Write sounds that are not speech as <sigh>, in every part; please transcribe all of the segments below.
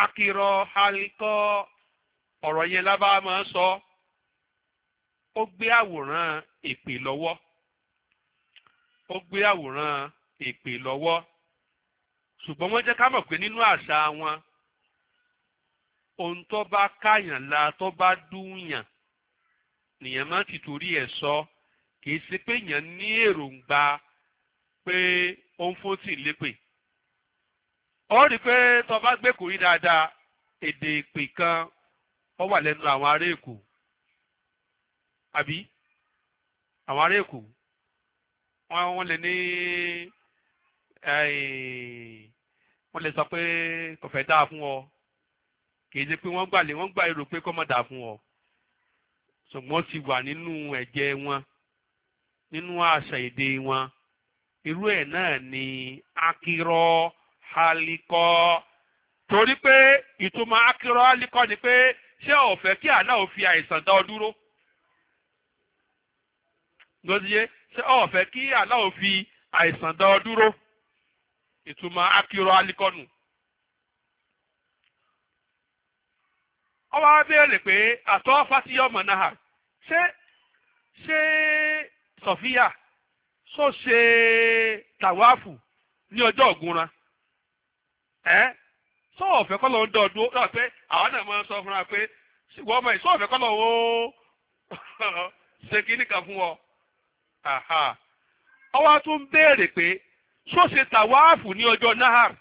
akirọ halikọ ọ̀rọ̀ yẹn lábá máa sọ ó gbé àwòrán èpè lọ́wọ́ ó gbé àwòrán èpè lọ́wọ́ ṣùgbọ́n wọ́n jẹ́ ká mọ̀ pé nínú àṣà wọn ohun tó bá káyàn la tó bá dúnyàn nìyẹn máa ti torí ẹ̀ sọ kì í ṣe pé èèyàn ní èròǹgbà pé ó ń fọ́n tì lépè. ó rí i pé tó bá gbé kùrí dáadáa èdè ìpè kan ó wà lẹ́nu àwọn ará èkó àbí àwọn ará èkó wọ́n wọ́n lè ní wọ́n lè sọ pé kò fẹ́ dáa fún ọ kìí ṣe pé wọ́n gbà lé wọ́n gbà èrò pé kọ́ mọ̀ dáa fún ọ ṣùgbọ́n ti wà nínú ẹ̀jẹ̀ wọn nínú àṣà èdè wọn irú ẹ̀ náà ni akírọ́. halikọ́ torí pé ìtumọ̀ akírọ́ alikọ ni pé ṣé o kí ò fi àìsàn dá ọ dúró lóṣìṣẹ́ ṣé kí ò fi àìsàn dá ọ dúró ìtumọ̀ nù. pé àtọ́ ṣé ṣé ní ọjọ́ ẹ́ sọ́ọ̀fẹ́ kọ́ lọ́n dọ̀ pé àwọn náà máa ń sọ fúnra pé wọn mọ̀ sọ́ọ̀fẹ́ kọ́ lọ́n ó ṣe kíní kan fún ọ. ọwọ́ tún béèrè pé ṣó ṣe tàwáàfù ní ọjọ́ nahar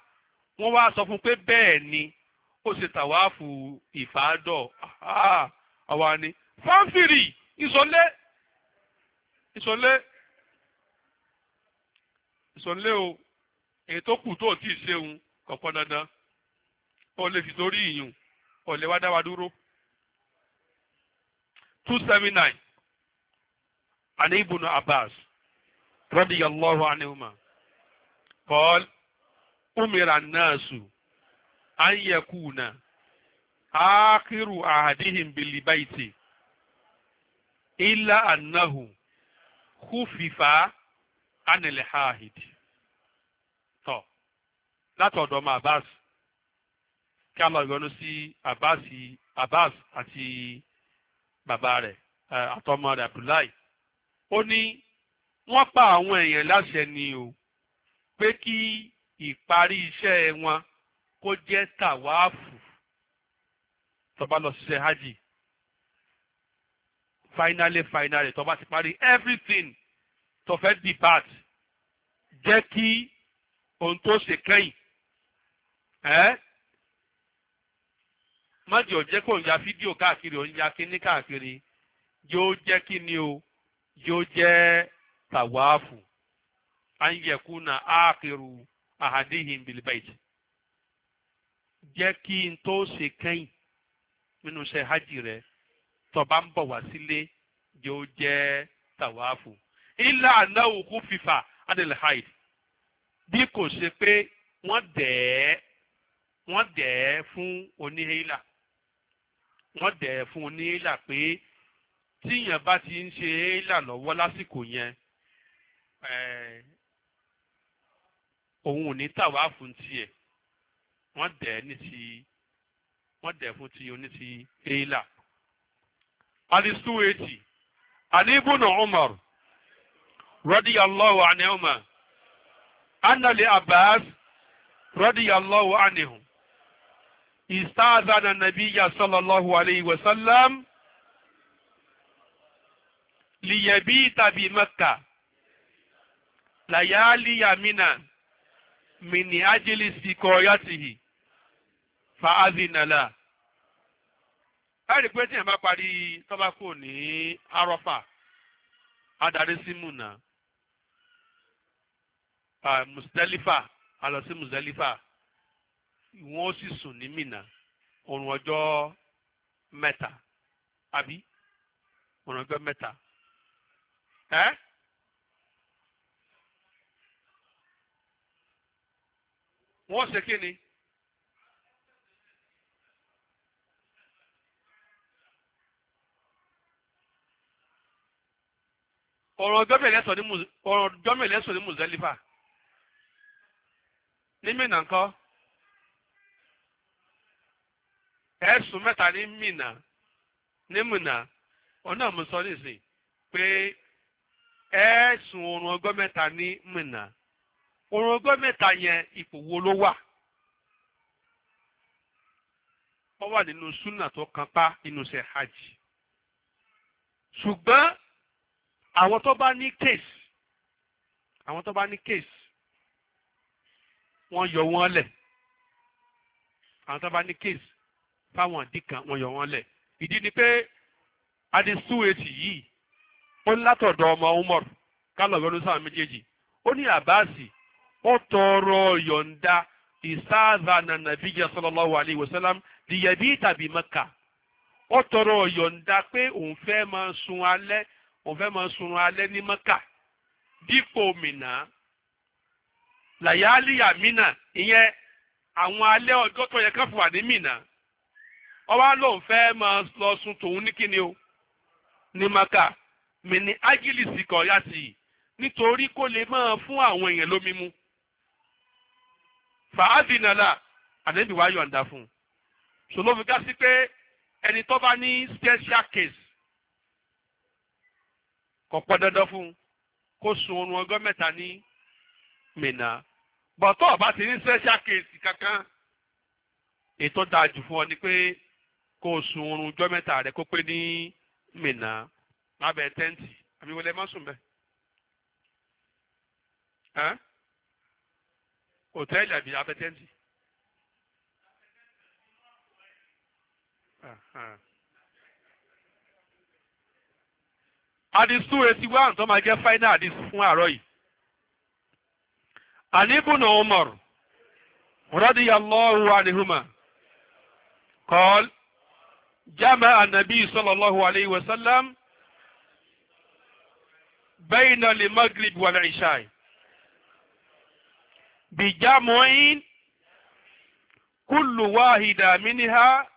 wá sọ fún pé bẹẹ ni ó ṣe tàwáàfù ìfàdọ̀ àwa ni fáńfìrì ìsọlé ìsọlé o èyí tó kù tó ò ṣeun. ọ̀pọ̀ dandan ó lè fi torí ìyún ó lè wá dá wa dúró. two seven nine ani ibùnú abbas radiyallahu anhuma qala umira naasu an yakuna ahadihim bilibaiti illa annahu khufifa anil látọ̀dọ̀ ọmọ Abbas kí a lọ ìyọnu sí Abbas Abbas àti bàbá rẹ̀ àtọmọ rẹ̀ Abdullahi ó ní wọ́n pa àwọn èèyàn láṣẹ ni o pé kí ìparí iṣẹ́ wọn kó jẹ́ tàwáàfù tó bá lọ ṣiṣẹ́ hajj finally finally tó bá ti parí everything tó fẹ́ depart jẹ́ kí ohun tó ṣe kẹ́yìn ẹ́ májì ò jẹ́ kó ń ya fídíò káàkiri ò ń ya kíní káàkiri yóò jẹ́ o yóò jẹ́ tàwáàfù anyẹ̀kúnà áàkìrù àhàdíhìn bìlìbẹ̀tì jẹ́ kí n tó ṣe kẹ́yìn nínú iṣẹ́ hajj rẹ tó ń bọ̀ wá sílé yóò jẹ́ tàwáàfù fifa àná òkú haid bí kò ṣe pé wọ́n dẹ̀ wọ́n dẹ̀ ẹ́ fún oníhélà wọ́n dẹ̀ ẹ́ fún oníhélà pé tíyàn bá ti ń ṣe hélà lọ́wọ́ lásìkò yẹn eh, òun ò ní tàwa fún tiẹ̀ wọ́n dẹ̀ ẹ́ ní ti wọ́n dẹ̀ fún ti oní ti hélà. alistu eti alibuna umar radiyallahu anhuma anna li abbas radiyallahu anhu. استاذن النبي صلى الله عليه وسلم ليبيت بمكة ليالي منى من أجل استقايته فأذن له ẹ̀rí pé tí èèyàn bá parí tọ́ba kò ní arọ́fà adarí sí múnà mùsùlẹ́lífà alọ sí mùsùlẹ́lífà wọ́n sì sùn ní Mínà òrùn ọjọ́ mẹ́ta àbí òrùn ọjọ́ mẹ́ta ẹ́ wọ́n ṣe kí ni. ọ̀rọ̀ ọjọ́ mẹ́lẹ́sọ̀ ní Mùsẹ́lífà ní Mínà ńkọ́. ẹ̀sùn mẹ́ta ní mìnà ní mìnà ọ̀nà mo sọ nísìn pé ẹ̀sùn oorun ọgọ́ mẹ́ta ní mìnà oorun ọgọ́ mẹ́ta yẹn ipò wo ló wà ó wà nínú súnà tó kápá nínú ṣe hajj ṣùgbọ́n àwọn tó bá ní kéèsì àwọn tó bá ní kéèsì wọ́n yọ wọ́n lẹ̀ àwọn tó bá ní kéèsì fáwọn ìdí kan wọ́n yọ wọ́n lẹ̀ ìdí ni pé adisu etí yìí ó látọ̀dọ̀ ọmọ Umar kálọ̀ yọnu sáwọn méjèèjì ó ní àbáàsì ó tọrọ yọ̀ǹda ìsáàzànà nàbíyà sallallahu alayhi wa sallam dìyẹ̀bí tàbí Mẹ́kà ó tọrọ yọ̀ǹda pé òun fẹ́ máa sun alẹ́ òun fẹ́ máa sun alẹ́ ní Mẹ́kà dípò Mínà làyálì àmínà ìyẹn àwọn alẹ́ ọjọ́ tó yẹ ká fún wa ní Mínà ọba lòun fẹ́ máa lọ sun tòun ní kíni o ní maka mi ní ágìlì sìkọ̀ ya sí i nítorí kó lè máa fún àwọn èèyàn lómi mu fàábì nàlà àdébì wá yọ̀ǹda fún un ṣòló fi ká sí pé ẹni tó bá ní special case kò pọ̀ dandan fún un kó sun oorun ọgọ́ mẹ́ta ní mìnà bọ̀tọ̀ ọba ti ní special case kankan ètò dáa jù fún ọ ni pé kó o sun oorun ọjọ́ mẹ́ta rẹ kó pé ní mìnà lábẹ́ tẹ́ǹtì àmì wọlé má sùn bẹ́ẹ̀ hòtẹ́ẹ̀lì àbí abẹ́ tẹ́ǹtì. àdìsú etí wá àǹtọ́ máa jẹ́ fáínà àdìsú fún àárọ̀ yìí. àníbùnà Umar radiyallahu anhuma جمع النبي صلى الله عليه وسلم بين المغرب والعشاء بجمع كل واحدة منها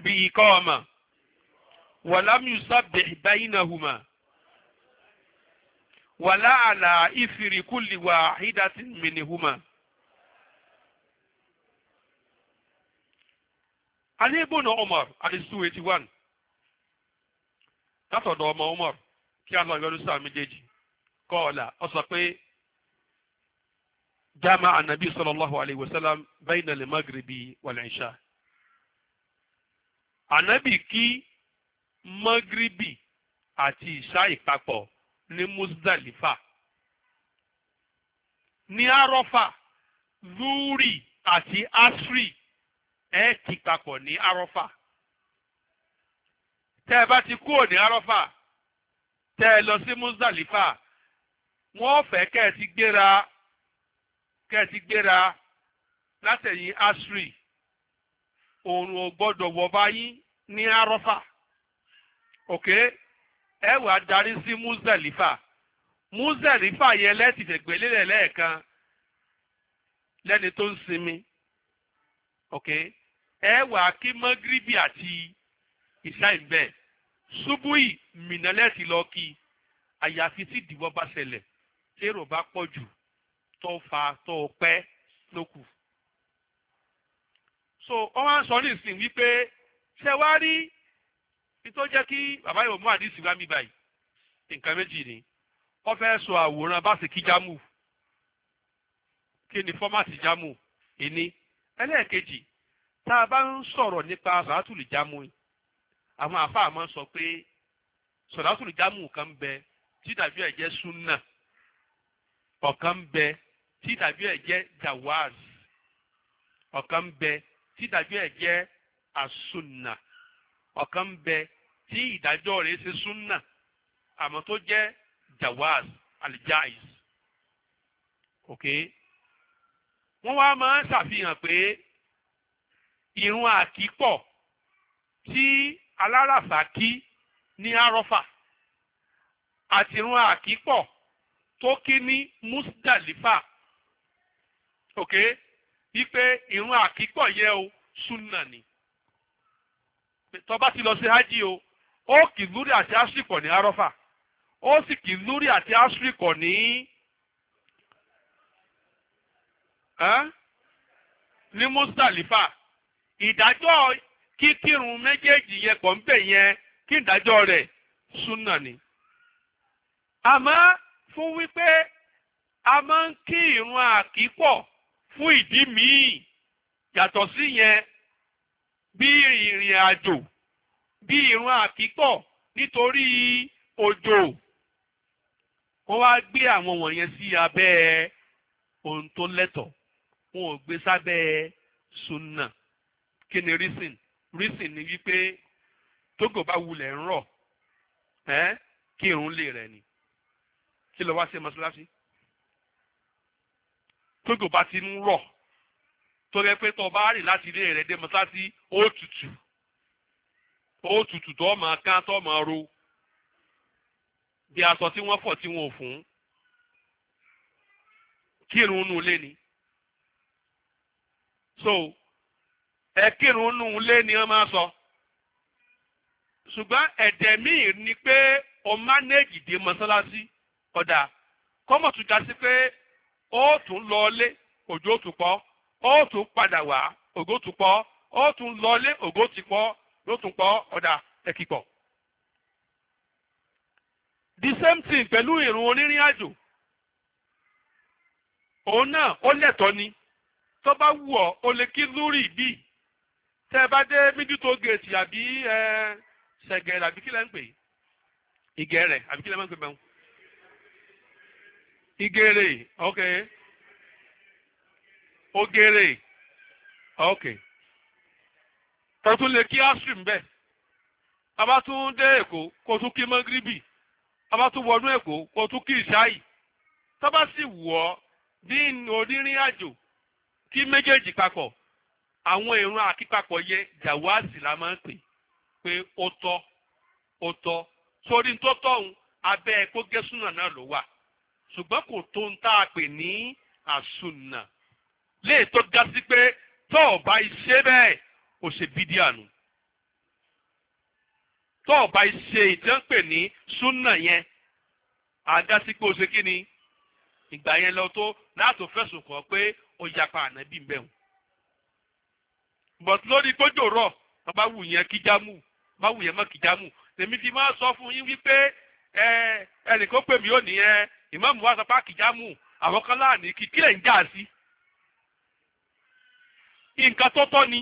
بإقامة ولم يسبح بينهما ولا على إثر كل واحدة منهما Ali ibn Umar àdìsí two eighty one látọ̀dọ̀ ọmọ Umar kí a lọ yọrí sáà méjèèjì kọ́ọ̀là ó sọ pé jama anabi sallallahu alayhi wa sallam bayna al maghribi wal isha anabi kí maghribi àti ìṣá ìpapọ̀ ní Muzdalifa ní arọ́fà zuri àti asri ẹ kí papọ̀ ní arọ́fà tẹ́ ẹ bá ti kúrò ní arọ́fà tẹ́ ẹ lọ sí Muzdalifa wọ́n fẹ́ kẹ́ ẹ ti gbéra kẹ́ ẹ ti gbéra látẹ̀yìn asri oòrùn ò gbọ́dọ̀ wọ̀ báyìí ní arọ́fà òkè ẹ wà darí sí Muzdalifa Muzdalifa yẹn lẹ́tìfẹ̀gbẹ́lélẹ̀ lẹ́ẹ̀kan lẹ́ni tó ń sinmi Okay? ẹ wà kí mọ́gíríbì àti ìṣáì bẹ́ẹ̀ ṣubúì mìnàlẹ́sì lọ kí àyàfi tí ìdìbò bá ṣẹlẹ̀ tèrò bá pọ̀ jù tó fa tó pẹ́ ló so wọ́n wá ń sọ nísìn wípé ṣe wá rí nítorí jẹ́ kí bàbá yóò mú àdìsí wá mi báyìí nǹkan méjì ni wọ́n fẹ́ sọ àwòrán bá ṣe kí jámù kí ni fọ́màtì jámù ìní ẹlẹ́ẹ̀kejì tá a bá ń sọ̀rọ̀ nípa sọ̀rọ̀tùlù jámù àwọn àfáà máa ń sọ pé sọ̀rọ̀tùlù jámù kan bẹ tí dàbí ẹ̀ jẹ́ súnà ọ̀kan bẹ tí dàbí ẹ̀ jẹ́ jawaz ọ̀kan bẹ tí dàbí ẹ̀ jẹ́ àsùnà ọ̀kan bẹ tí ìdájọ́ rẹ̀ ṣe súnà àmọ́ tó jẹ́ jawaz alijaiz ok wọ́n wá máa ń ṣàfihàn pé ìrun àkípọ̀ tí aláràfà kí ní arọ́fà àti ìrun àkípọ̀ tó kí ní musdalifa ok wípé ìrun àkípọ̀ yẹ o sunna ni tó bá ti lọ sí hajj o ó kì lórí àti ashrikọ̀ ní arọ́fà ó sì kì lórí àti ashrikọ̀ ní. ní mustalifa ìdájọ́ kíkírun méjèèjì yẹn pọ̀ ń bẹ̀ yẹn kí ìdájọ́ rẹ̀ súnà ni. àmọ́ fún wípé a máa ń kí ìrun àkípọ̀ fún ìdí míì yàtọ̀ sí yẹn bí ìrìn àjò bí ìrun àkípọ̀ nítorí òjò wọ́n wá gbé àwọn wọ̀nyẹn sí abẹ́ ohun tó lẹ́tọ̀ wọn ò gbé sábẹ́ sunna kí ni reason reason ni wípé tógò bá wulẹ̀ ń rọ̀ ẹ́ kí irun lè rẹ̀ ni kí ló wá ṣe mọ́ṣáláṣí tógò bá ti ń rọ̀ tó yẹ pé tó bá rìn láti ilé rẹ̀ dé mọ́ṣáláṣí ó tutù ó tutù tó máa kán tó máa ro bí aṣọ tí wọ́n fọ̀ tí wọ́n ò fún kí irun nù lé ni so ẹ kírun nù lé ni wọ́n máa sọ ṣùgbọ́n ẹ̀dẹ̀ míì ni pé o mánéèjì dé mọ́sálásí ọ̀dà kọ́mọ̀ tún já sí pé ó tún lọ lé òjò tún pọ̀ ó tún padà wá ògó tún pọ̀ ó tún lọ ògó tún pọ̀ ló tún pọ̀ ọ̀dà ẹ̀kìpọ̀. the same thing pẹ̀lú ìrun onírìn àjò òun náà ó lẹ̀tọ́ ni tó bá wù ọ́ o lè kí lúrì bíi tẹ́ ẹ bá dé middle toll gate àbí ṣẹ̀gẹ̀rẹ̀ àbí kí lẹ́ ń pè ìgẹ̀rẹ̀ àbí kí lẹ́ máa ń pè bẹ́ẹ̀ ìgẹ̀rẹ̀ ok ògèrè ok tọ́tún lè kí ashrim bẹ́ẹ̀ abá tún dé èkó kó tún kí mọ́gíríbì abá tún wọnú èkó kó tún kí ìṣáì tọ́ba sì wù ọ́ bí onírìn àjò kí méjèèjì papọ̀ àwọn ìrun àkípapọ̀ yẹ jàwáàsì la máa ń pè pé ó tọ́ ó tọ́ sórí tó tọ̀hún abẹ́ kó gé súnà náà ló wà ṣùgbọ́n kò tó ń tá a pè ní àsùnà léè tó ga sí pé tọ́ ọ̀ bá iṣẹ́ bẹ́ẹ̀ ò ṣe bídí àánú tọ́ ọ̀ bá iṣẹ́ ìtẹ́ǹpè ní súnà yẹn àga sí pé ó ṣe kí ni ìgbà yẹn lọ tó láti fẹ̀sùn kàn pé ó yapa ànábì mbẹ́hùn but lórí kójò rọ̀ bá wù yẹn kí jámù bá wù yẹn mọ́ kí jámù tèmi fi máa sọ fún yín wípé ẹ ẹnìkan pè mí ó ní ẹ ìmáàmù wa sọ pé àkìjámù àwọn kan láàní kí kílẹ̀ ń jà sí. nǹkan tó tọ́ ni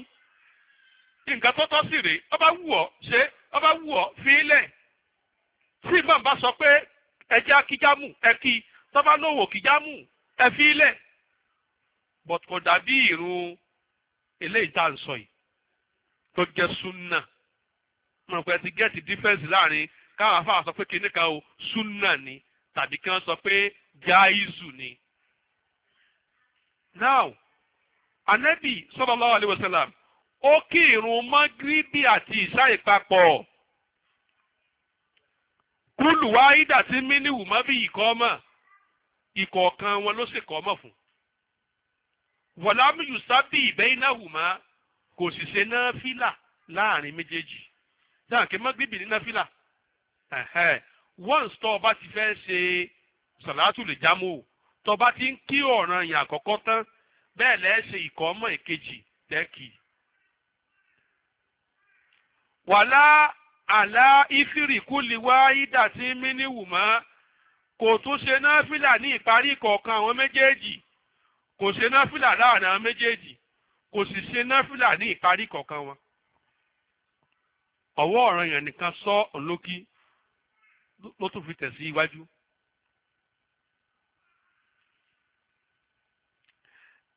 nǹkan tó tọ́ sì rèé ọba wù ọ́ ṣe ọba wù ọ́ fílẹ̀ tí ìmáàmù bá sọ pé ẹ jẹ́ àkìjámù ẹ kí tọ́ba lówó kìjámù ẹ fílẹ̀ but kò dàbí ìrun eléyìí tá à ń sọ yìí tó jẹ́ súnà mo pẹ́ ti gẹ́ẹ̀tì dífẹ́ǹsì láàrin káwọn afáà sọ pé kinní kan o súnà ni tàbí kí wọ́n sọ pé jáìzù ni. now anabi sallallahu alaihi wasallam ó kí irun mọ́gíríbì àti ìṣáì papọ̀ kúlù wáyídà tí míníwù mọ́ bí ìkọ́ mọ̀ ìkọ̀ọ̀kan wọn ló sì kọ́ mọ̀ fún un wọ̀lámìyù sábì ìbẹ́yìnáhùmá kò sì ṣe náfìlà láàrin méjèèjì dáhùn kí mọ́gbìbì ní náfìlà once tó o bá ti fẹ́ ṣe sàlátù lè jámọ́ o tó o bá ti ń kí ọ̀ràn yàn àkọ́kọ́ tán bẹ́ẹ̀ lẹ́ẹ̀ ṣe ìkọ́ ọmọ ìkejì tẹ́kì. wàlá àlá ìfìrì kú lè wá ìdá sí kò tún ṣe náfìlà ní ìparí kọ̀ọ̀kan àwọn méjèèjì kò ṣe náfìlà láàrin àwọn méjèèjì kò sì ṣe náfìlà ní ìparí kọ̀ọ̀kan wọn ọ̀wọ́ ọ̀ràn yẹn nìkan sọ ọ̀lókì ló tún fi tẹ̀ sí iwájú.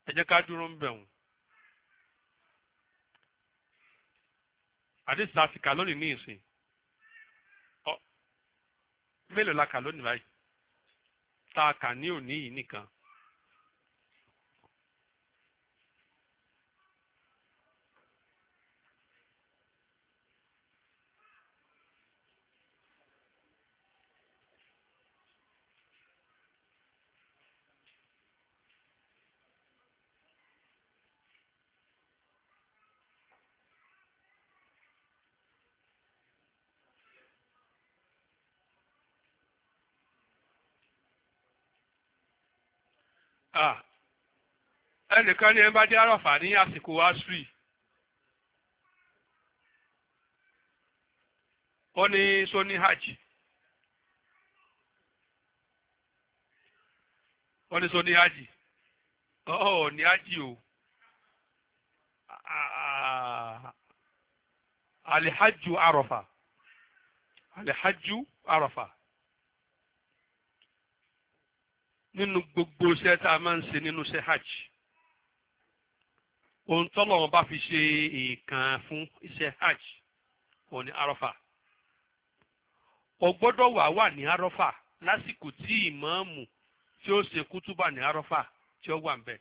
ẹ jẹ́ ká dúró ń bẹ̀ wọ́n. àdìsí la fi kà lónìí ní ìsìn mélòó la kà lónìí báyìí tá a kà ní òní yìí nìkan ẹnìkan ní ẹ bá dé àràfà ní àsìkò asri ó ní sóní hajj ó ní sóní hajj ó ní hajj o alihajju àràfà alihajju àràfà. nínú gbogbo iṣẹ́ tá a máa ń ṣe nínú iṣẹ́ hajj ohun wọn bá fi ṣe èèkàn fún iṣẹ́ hajj òun ni arọ́fà o gbọ́dọ̀ wà wà ní arọ́fà lásìkò tí ìmáàmù tí ó ṣe túbà ní arọ́fà tí ó wà ń bẹ̀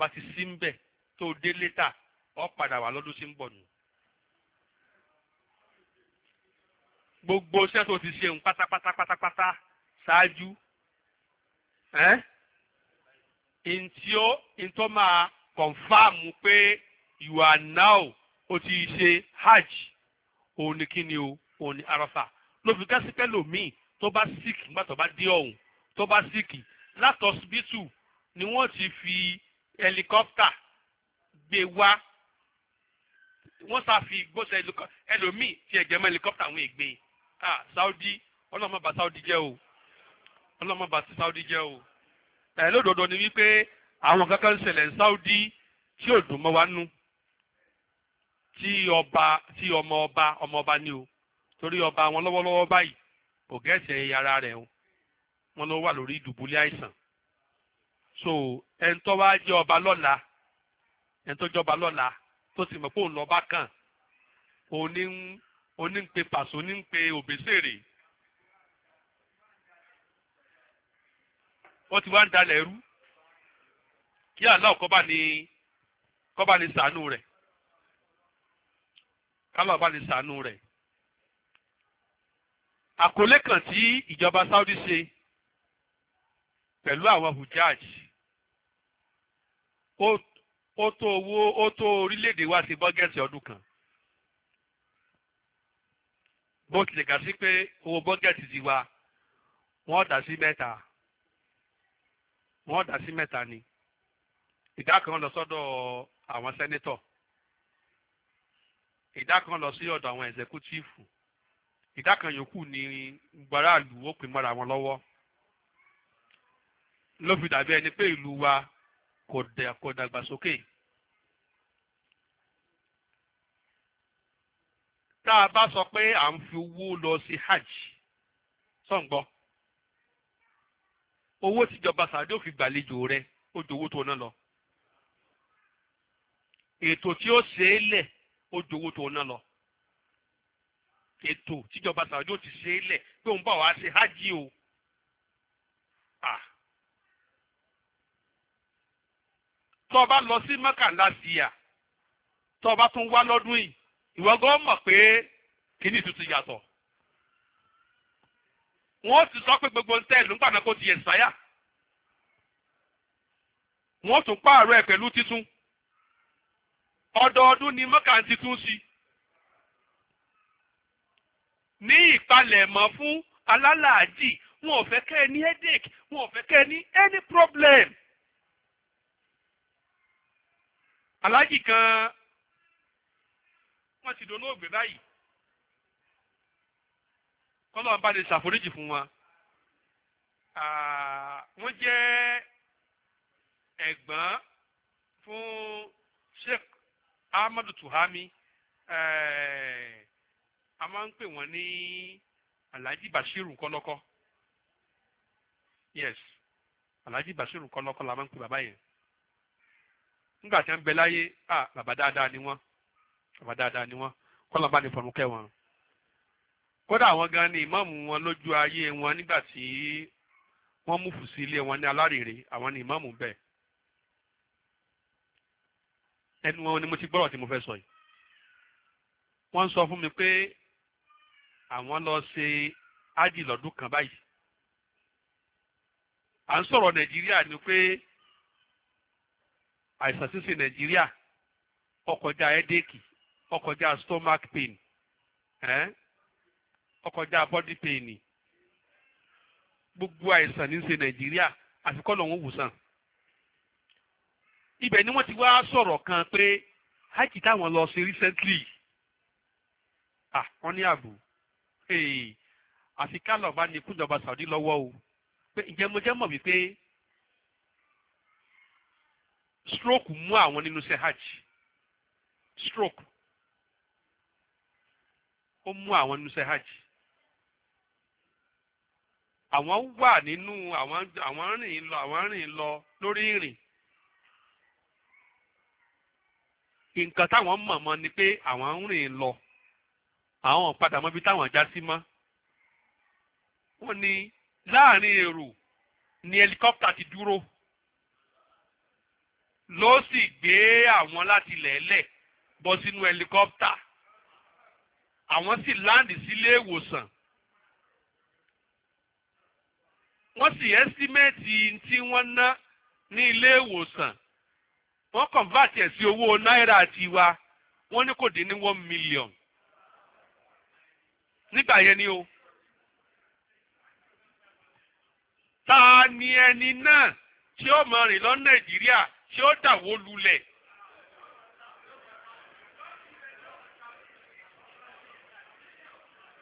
bá ti sí ń bẹ̀ tó dé létà gbogbo iṣẹ́ tó ti ṣe pata, pata, pata ẹ́ ntí ó ntọ́ máa kọ̀nfàmù pé you are now o ti ṣe hajj òun ni kí ni o òun ni arafa ló fi gá sí pẹ́lòmíì tó bá sick nígbà tó bá dé ọ̀hún tó bá sick látọ̀sibítù ni wọ́n ti fi helicopter gbé wá wọ́n ṣàfi gbọ́sẹ̀ ẹlòmíì tí ẹ̀jẹ̀ mọ́ helicopter àwọn ègbè ah Saudi ọlọ́mọba Saudi jẹ́ o ọlọ́mọ ti Saudi jẹ́ o ẹ̀ lódodo ni wípé àwọn kankan ṣẹlẹ̀ ní Saudi tí ò dùn mọ́ wa nú tí ọba tí ọmọ ọba ọmọ ọba ni o torí ọba wọn lọ́wọ́lọ́wọ́ báyìí kò gẹ̀ẹ́sì ara rẹ̀ o wọn ló wà lórí ìdùbúlẹ̀ àìsàn so ẹni tó wá jẹ́ ọba lọ́la ẹni tó jọba lọ́la tó sì mọ̀ pé òun lọ́ba kàn òun ní ń pe pàṣẹ òun ní ń pe òbèsèrè wọ́n ti wá ń dalẹ̀ rú kí Allah kó bá ní kó bá ní ṣàánú rẹ̀ kálọ̀ bá ní ṣàánú rẹ̀. àkọlé kan tí ìjọba Saudi ṣe pẹ̀lú àwọn hujaj ó tó owó ó tó orílẹ̀-èdè wa ti bọ́gẹ́tì ọdún kan bó tilẹ̀ gà sí pé owó bọ́gẹ́tì ti wa wọ́n dà sí mẹ́ta wọ́n dà sí mẹ́ta ni ìdá kan lọ sọ́dọ̀ àwọn sẹ́nétọ̀ ìdá kan lọ sí ọ̀dọ̀ àwọn ẹ̀zẹ́kútífù ìdá kan yòókù ni gbaraàlú ó pè mọ́ra wọn lọ́wọ́ ló fi dàbí ẹni pé ìlú wa kò dàgbàsókè. tá a bá sọ pé à ń fi owó lọ sí hajj sọ̀ǹgbọ́n owó tíjọba sàdé òfin gbàlejò rẹ ó ju owó tó ná lọ ètò tí ó ṣe é lẹ̀ ó ju owó tó ná lọ ètò tíjọba sàdé ó ti ṣe é lẹ̀ pé òun bá wàá ṣe hájì o tó o bá lọ sí mọ́kànlá sí i tó tún wá lọ́dún yìí ìwọ gan mọ̀ pé kìíní tuntun yàtọ̀ wọ́n ti sọ pé gbogbo ntẹ́ẹ̀lù ń pàdánù kó ti ẹ̀sáyà wọ́n tún pààrọ̀ ẹ̀ pẹ̀lú títún ọdọọdún ni mọ́kà ń titún sí ní ìpalẹ̀mọ́ fún alálàájì wọn ò fẹ́ kẹ́ ẹ ní headache wọn ò fẹ́ kẹ́ ẹ ní any problem. aláàjì kan wọ́n ti dolóògbé báyìí kọ́lọ́n bá lè ṣàforíjì fún wọn wọ́n jẹ́ ẹ̀gbọ́n fún Sheikh Ahmadu Tuhami a máa ń pè wọ́n ní Alhaji Bashiru kọ́lọ́kọ́ yes Alhaji Bashiru kọ́lọ́kọ́ la máa ń pè bàbá yẹn nígbà tí wọ́n ń bẹ láyé bàbá dáadáa ni wọ́n bàbá dáadáa ni wọ́n kọ́lọ́n bá lè fọ̀rùn kẹ́ wọn. kódà àwọn gan ni ìmáàmù wọn lójú ayé wọn nígbà tí wọ́n mú fùsí ilé wọn ní alárèrè àwọn ni ìmáàmù bẹ́ẹ̀ ẹnu wọn ni mo ti gbọ́rọ̀ tí mo fẹ́ sọ yìí wọ́n ń sọ fún mi pé àwọn lọ ṣe ájì lọ́dún kan báyìí à ń sọ̀rọ̀ nàìjíríà ni pé àìsàn sísè nàìjíríà ọkọjá headache ọkọjá stomach pain. Eh? ọkọjá bọ́dí pèènì gbogbo àìsàn ní ṣe nàìjíríà àfikọ́ lọ́wọ́ wòsàn. ibẹ̀ ni wọ́n ti wá sọ̀rọ̀ kan pé hajj táwọn lọ sí recently ah wọ́n ní ààbò àfi kálọ̀ bá ní kújọba Saudi lọ́wọ́ o pé ìjẹ́mọ́jẹ́ mọ̀ wípé stroke mú àwọn nínú iṣẹ́ hajj stroke ó mú àwọn nínú iṣẹ́ hajj àwọn wà nínú àwọn àwọn rìn lọ àwọn rìn lọ lórí ìrìn nǹkan táwọn mọ̀mọ́ ni pé àwọn ń rìn lọ àwọn padà mọ́bi táwọn já sí mọ́ wọ́n ní láàrin èrò ni ẹlikọ́pítà ti dúró ló sì gbé àwọn láti lẹ̀ẹ́lẹ̀ bọ́ sínú ẹlikọ́pítà àwọn sì láǹdì sílé ìwòsàn wọ́n sì ẹ́stímẹ́ẹ̀tì tí wọ́n ná ní ilé ìwòsàn wọ́n kọ̀ǹfàtì ẹ̀ owó náírà tiwa wọ́n ní kò dín ní one million nígbà yẹn ni o ta ni ẹni náà tí ó mọ rìn lọ Nàìjíríà tí ó dàwó lulẹ̀.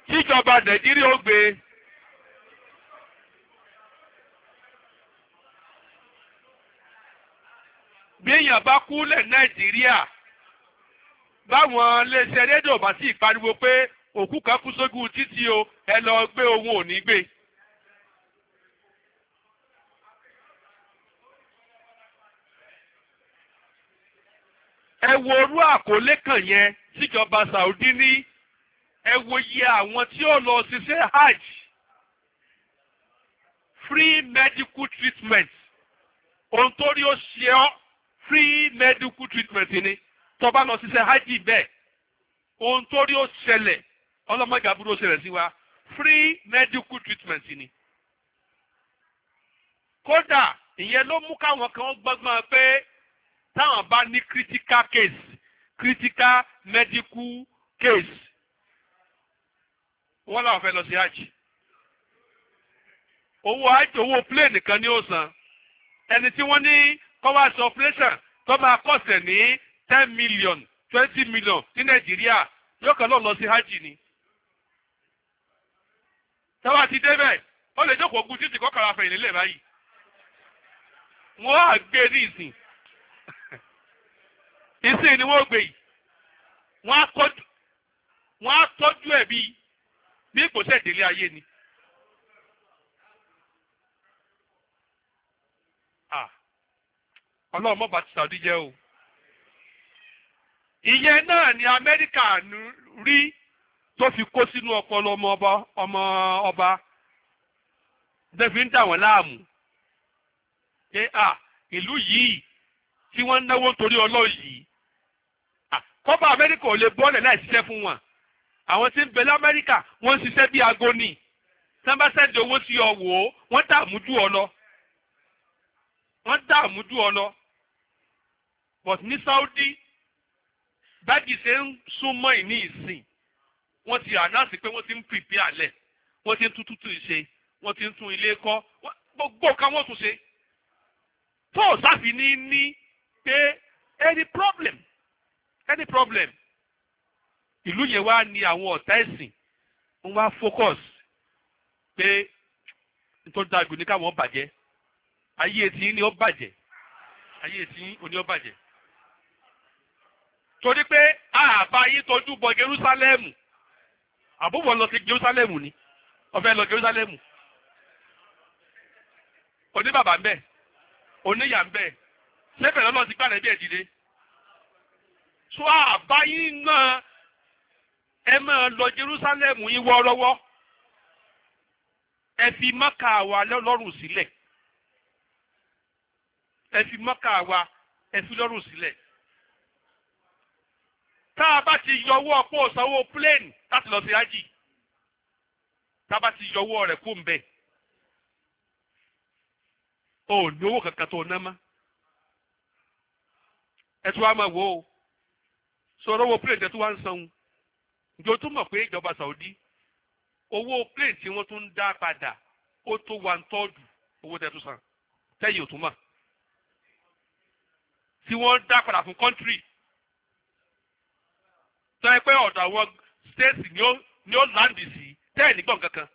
tíjọba Nàìjíríà ó gbé e. bí èèyàn bá kú lẹ̀ nàìjíríà báwọn iléeṣẹ́ rédíò bá sì pariwo pé òkú kan kú sógun títí o ẹ lọ gbé ohun òní gbé. ẹ wo orú àkọlé kan yẹn síjọba Saudi ní ẹ wo iye àwọn tí ó lọ ṣiṣẹ́ hajj free medical treatment ohun tó rí ó ṣe ọ́ free medical treatment ni tó bá lọ ṣiṣẹ́ hajj bẹ́ẹ̀ ohun tó rí ó ṣẹlẹ̀ ọlọ́mọdé àbúrò ó sí wa free medical treatment ni. kódà ìyẹn ló mú káwọn kan gbọ́gbọ́n pé táwọn bá ní critical case critical medical case wọ́n làwọn fẹ́ lọ sí hajj owó hajj owó plane nìkan ni ó san ẹni tí wọ́n ní kọ́ operation tó máa kọ̀sẹ̀ ní ten million twenty million ní nàìjíríà yóò kàn lọ lọ sí hajj ni. tẹ́wọ́ ti débẹ̀ ó lè jókòó ogun títí kọ́kàrà fẹ̀yìn nílẹ̀ báyìí. wọ́n á gbé ní ìsìn <laughs> ìsìn ni wọ́n gbé yìí wọ́n á tọ́jú ẹ̀ bí bí kò sẹ̀ ayé ni. ọlọ́run mọ̀bà ti Saudi jẹ́ o ìyẹn náà ni Amẹ́ríkà rí tó fi kó sínú ọpọlọ ọmọ ọba ọmọ ọba dẹ́fi ń dà wọ́n láàmú pé à ìlú yìí tí wọ́n ń náwó torí ọlọ́run yìí kọ́bà Amẹ́ríkà ò lè bọ́ọ̀lẹ̀ láì ṣiṣẹ́ fún wọn àwọn tí ń bẹ lamẹ́ríkà wọ́n ń ṣiṣẹ́ bí aago sábàṣẹ́dì owó sí ọ wò ó wọ́n dààmú jù ọ lọ wọ́n dààmú jù ọ lọ but ní Saudi báàgì ṣe ń súnmọ́ ìní ìsìn wọ́n ti ànáàsì pé wọ́n ti ń pìpì àlẹ̀ wọ́n ti ń tún tútù ṣe wọ́n ti ń tún ilé kọ́ gbogbo kan wọ́n tún ṣe tó sáfì ní ní pé any problem any problem ìlú yẹn wá ní àwọn ọ̀tá ẹ̀sìn ń wá focus pé nítorí dàgbù ní káwọn bàjẹ́ ayé tí ní ó bàjẹ́ ayé tí ní ó bàjẹ́ torí pé àbá yí tojú bọ Jerúsálẹ́mù àbúbọ̀ lọ sí Jerúsálẹ́mù ni ọ̀fẹ́ lọ Jerúsálẹ́mù oní bàbá ń bẹ oníyà ń bẹ sẹ́fẹ̀ lọ́nà ti gbàrẹ́ bí ẹ̀dìdé tó àbá yí náà ẹ máa lọ Jerúsálẹ́mù yín wọ́ọ́rọ́wọ́ ẹ fi Mákà wa lọ́rùn sílẹ̀ ẹ fi Mákà wa ẹ fi lọ́rùn sílẹ̀ tá a bá ti yọwọ́ pé ó plane láti lọ sí ájì tá a bá ti yọwọ́ rẹ̀ kó ń bẹ̀ ò ní owó kankan tó ná mọ́ ẹ tún wá máa wò ó sọ̀rọ̀ owó plane tẹ́ wá ń sanwó ǹjẹ́ tún mọ̀ pé ìjọba Saudi owó plane tí wọ́n tún ń dá padà ó tó one third owó tẹ́ tún san tẹ́yìn ò tún mọ̀ tí wọ́n dá padà fún country. tó yẹ pé ọ̀dọ̀ àwọn stéètì ni ó láǹdì sí tẹ́ẹ̀ nígbọ̀n kankan.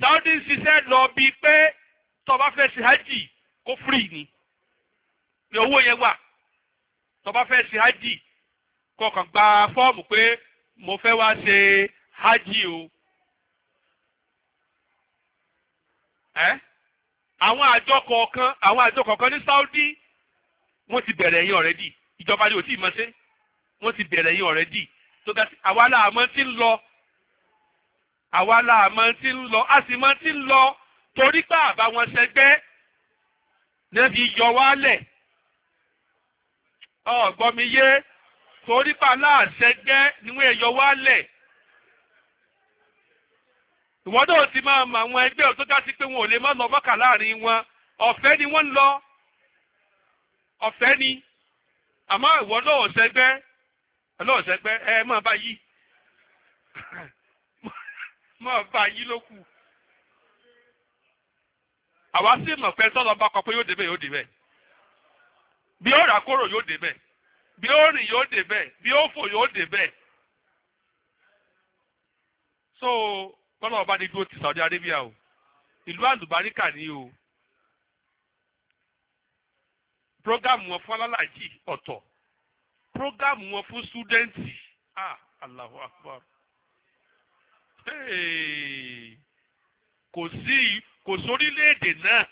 Saudi ṣiṣẹ́ lọ bí pé tọba fẹ́ ṣe hajj kó free ni ni owó yẹn wà tọba fẹ́ ṣe hajj kó kàn gba fọ́ọ̀mù pé mo fẹ́ wá ṣe hajj o. àwọn àjọ kọ̀ọ̀kan àwọn àjọ kọ̀ọ̀kan ní Saudi wọ́n ti bẹ̀rẹ̀ yín already. ìjọba ni ò tí ì mọ̀ ṣe wọ́n ti bẹ̀rẹ̀ yín ọ̀rẹ́dì tó ga sí àwa la mọ̀ ti ń lọ àwa la mọ̀ ti ń lọ a sì mọ̀ ti ń lọ torí pé àbá wọn ṣẹgbẹ́ náà fi yọ wálẹ̀ ọ̀gbọ́n mi yé torí pé aláàṣẹgbẹ́ ni wọ́n yọ wálẹ̀ ìwọ́n náà ti máa mọ àwọn ẹgbẹ́ tó ga sí pé wọn ò lè má lọ mọ́kà láàrin wọn ọ̀fẹ́ ni wọ́n ń lọ ọ̀fẹ́ ni àmọ́ ìwọ lọ́wọ́ sẹ́gbẹ́ lọ́wọ́ sẹ́gbẹ́ ẹ máa bá yí <laughs> máa bá yí ló kù àwa sì mọ̀ pé tọ́lọ́ bá kọ pé yóò débẹ̀ yóò débẹ̀ bí ó rà kóró yóò débẹ̀ bí ó rìn yóò débẹ̀ bí ó fò yóò débẹ̀ so kọ́lọ́ ọba ní dúró ti Saudi Arabia o ìlú àlùbáríkà ni o prógámù wọn fún alálàájì ọ̀tọ̀ prógámù wọn fún súdẹ́ǹtì ah Allahu Akbar hey. kò sí kò sórílẹ̀-èdè náà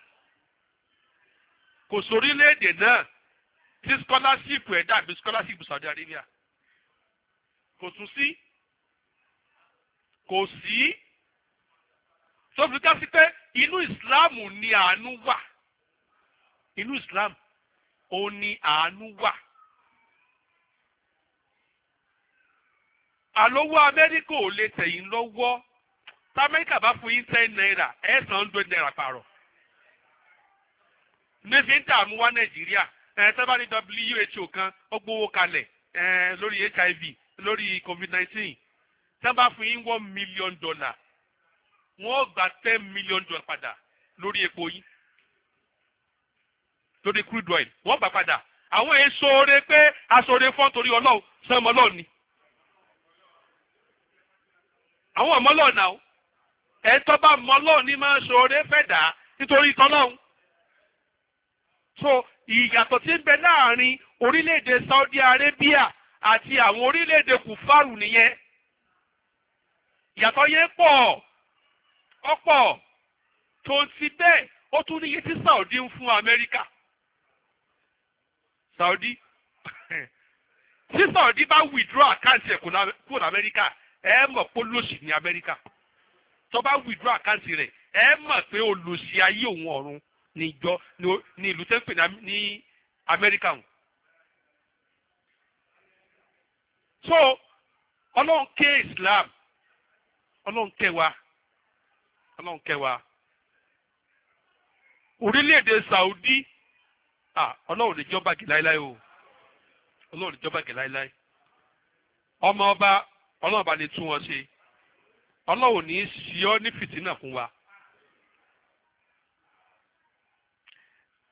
kò sórílẹ̀-èdè náà tí scholarship ẹ̀ dàbí scholarship Saudi Arabia kò tún sí kò sí tó fi ká sí pé inú ìsìláàmù ni àánú wà inú ìsìláàmù ó ní àánú wà. àlówó amẹ́ríkà ò lè tẹ̀yìn lọ́wọ́ tá amẹ́ríkà bá fún yín ten naira ẹ̀ san hundred naira pààrọ̀. ní fi ń dààmú wá nàìjíríà ẹ̀ tẹ́ bá ní WHO kan ó gbowó kalẹ̀ ẹ̀ lórí HIV lórí covid nineteen. tẹ́ bá fún yín one million dollar wọ́n gba ten million dollar padà lórí epo yín lórí crude oil wọ́n gbà padà àwọn èso oore pé aṣoore fún torí ọlọ́run sẹ́mu ọlọ́run ni. àwọn ọmọ ọlọ́run náà ẹ̀tọ́ bá mọ ọlọ́run ní máa ń ṣoore fẹ́ dà nítorí tọ́lọ́run. so ìyàtọ̀ tí ń bẹ láàrin orílẹ̀-èdè Saudi Arabia àti àwọn orílẹ̀-èdè kùfàrù nìyẹn ìyàtọ̀ yẹn pọ̀ ọ̀pọ̀ tó ń ti bẹ́ẹ̀ ó tún níye tí Saudi ń fún Amẹ́ríkà. Saudi <laughs> tí Saudi bá withdraw àkáǹtì ẹ̀ kúrò l'Amẹ́ríkà ẹ mọ̀ pé olóṣì ní Amẹ́ríkà tó bá withdraw àkáǹtì rẹ̀ ẹ mọ̀ pé olóṣì ayé òun ọ̀run níjọ ní ìlú tẹ́ńpẹ̀ ní Amẹ́ríkà hùn. so ọlọ́run ké Islam ọlọ́run kẹ́ wa ọlọ́run kẹ́ wa orílẹ̀-èdè Saudi ọlọ́run lè jọba jì láéláé o ọlọ́run lè jọba jì láéláé ọmọ ọba ọlọ́run bá lè tún wọn ṣe ọlọ́run ní í ṣí ọ ní fìtínà fún wa.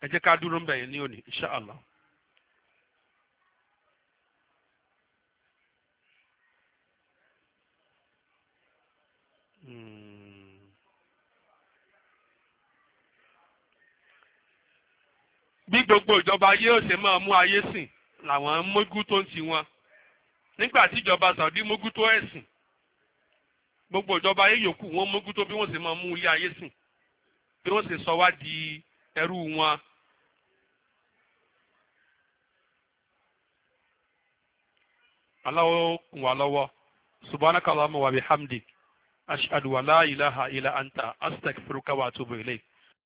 ẹ jẹ́ ká dúró ń bẹ̀ yẹn ní òní insha Allah. Hmm. bí gbogbo ìjọba ayé ò ṣe máa mú ayé sìn làwọn mógú tó ń ti wọn nígbà tí ìjọba Saudi mógú tó ẹ̀sìn gbogbo ìjọba ayé yòókù wọn mógú tó bí wọ́n ṣe máa mú ilé ayé sìn bí wọn ṣe sọ wá di ẹrú wọn. aláwo kún wa lọ́wọ́ subhanaka Allahumma wa bihamdi ashhadu wa la ilaha illa anta astaghfiruka wa atubu ilayk.